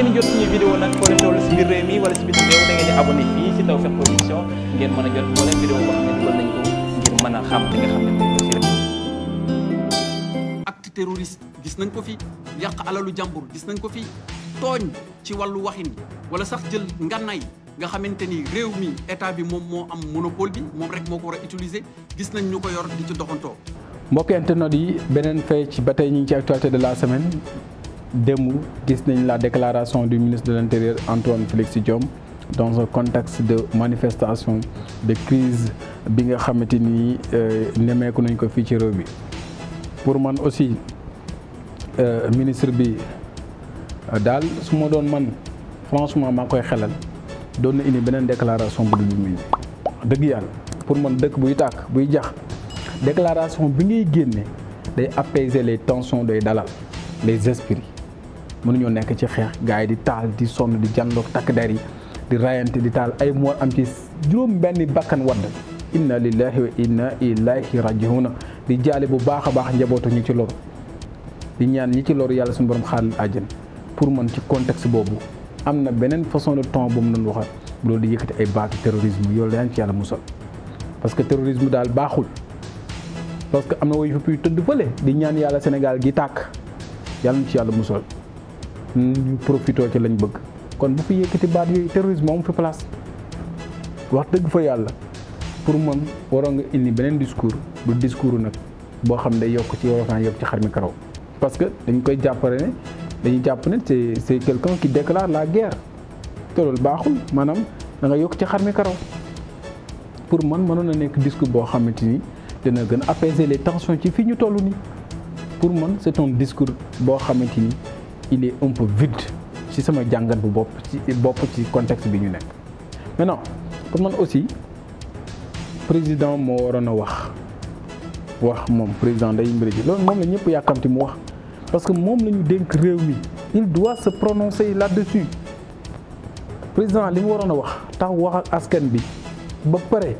ngeen jot suñu vidéo nag foo leen si biir réew mi wala si biti réew da ngeen di abonné gis nañ ko fi yàq alalu jàmbur gis nañ ko fi tooñ ci wàllu waxin wala sax jël ngànnaay nga xamante ni réew mi état bi moom moo am monopole bi moom rek moo ko war a utiliser gis nañ ñu ko yor di ci doxantoo. mbokk internet yi beneen fay ci ba tey ñu ngi ci actualité de la semaine. démb gis nañ la déclaration du ministre de l'intérieur Antoine Félix Diome dans un contexte de manifestation de crise bi nga xamante ni euh, nemeeku nañ ko fii ci réew bi pour man aussi euh, ministre bi euh, daal su ma doon man franchement maa koy xelal doon na indi beneen déclaration bu dul bi dëgg yàlla pour man dëkk buy tàkk buy jax déclaration bi ngay génne day apaiser les tensions day dalal les esprits mënuñoo nekk ci xeex gars yi di taal di sonn di jandoog takk der di rayante di taal ay moor am ci juróom benn bakkan wadd inna lillahi wa inna ilayhi rajiuna di jaale bu baax a baax njabootu ñu ci loru di ñaan ñi ci loru yàlla suñu borom xaaral àjjana pour man ci contexte boobu am na beneen façon de ton bu mu doon waxal loolu di yëkkati ay baatu terrorisme yow yaa ngi ci yàlla musal parce que terrorisme daal baaxul parce que am na woyu fëpp yu tëdd fële di ñaan yàlla Sénégal gi tàkk yàlla ci yàlla musal ñu profitoo ci lañ bëgg kon bu fi yëkkati baat yooyu terrorisme moom fi place wax dëgg fa yàlla pour moom waroon nga indi beneen discours bu discours nag boo xam ne day yokk ci wolof yokk ci xar mi karaw parce que dañ koy jàppale ne dañuy jàpp ne c'est c'est quelqu'un qui déclare la guerre te loolu baaxul maanaam da yokk ci xar mi karaw pour man mënoon na nekk discours boo xamante ni dina gën apaiser les tensions ci fii ñu toll nii pour man c'est un boo xamante ni. il est un peu ci sama jàngat bu bopp ci bopp ci contexte bi ñu nekk mais non pour aussi président moo waroon a wax wax moom président Ndeye Mbiré Diop loolu moom la ñëpp yàkkamti mu wax parce que moom la dénk réew mi il doit se prononcer là-dessus président li mu waroon a wax tax wax ak askan bi ba pare.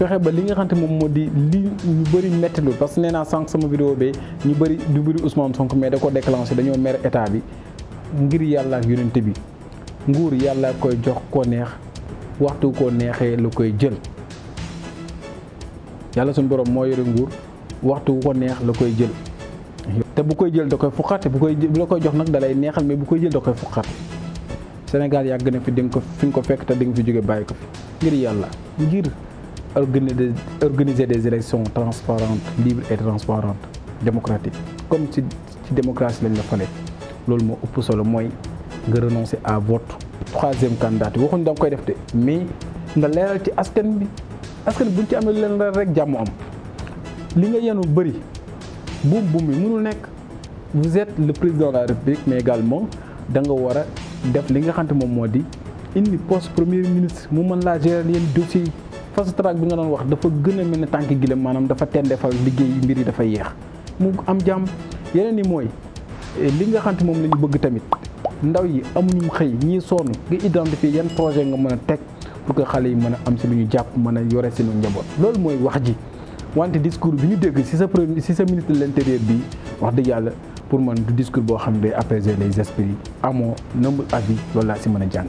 fexe ba li nga xam xamante moom moo di li ñu bëri mettilu parce que nee naa sànq sama vidéo bee ñu bëri du bëri Ousmane Sonko mais da ko déclenché dañoo mer état bi ngir yàlla ak yonent bi nguur yàlla koy jox ko neex waxtu ko neexee lu koy jël yàlla suñu borom moo yore nguur waxtu ko neex la koy jël te bu koy jël da koy fuqate bu koy bu la koy jox nag dalay lay neexal mais bu koy jël da koy fuqate Sénégal yàgg na fi di nga ko fi nga ko fekk te di nga fi jóge bàyyi ko ngir yàlla ngir organiser des élections transparentes libres et transparentes démocratiques comme ci ci démocratie lañ la fale loolu moo ëpp solo mooy nga renoncer à vote troisième candidat bi waxuñ da nga koy def de mais nga leeral ci askan bi askan bi buñ ci amee leen leer rek jàmm am li nga yenu bëri buum buum yi mënul nekk vous êtes le président de la république mais également da nga war def li nga xam te moom moo di indi poste premier ministre mu man laa gérer yenn dossiers yi fast track bi nga doon wax dafa gën a mel ne tànk gileem maanaam dafa tende fa liggéey mbir yi dafa yeex mu am jàmm yeneen yi mooy eh, li nga xant moom la ñu bëgg tamit ndaw yi amuñu xëy ñii sonn nga identifier yan projet nga mën a teg pour que xale yi mën a am si lu ñu jàpp mën a yore seenu njaboot loolu mooy wax ji wante discours bi ñu dégg si sa premier si sa ministre de l' bi wax dëgg yàlla pour man du discours boo xam ne day apaiser les esprits amoo nombre avis loolu laa si mën a jàng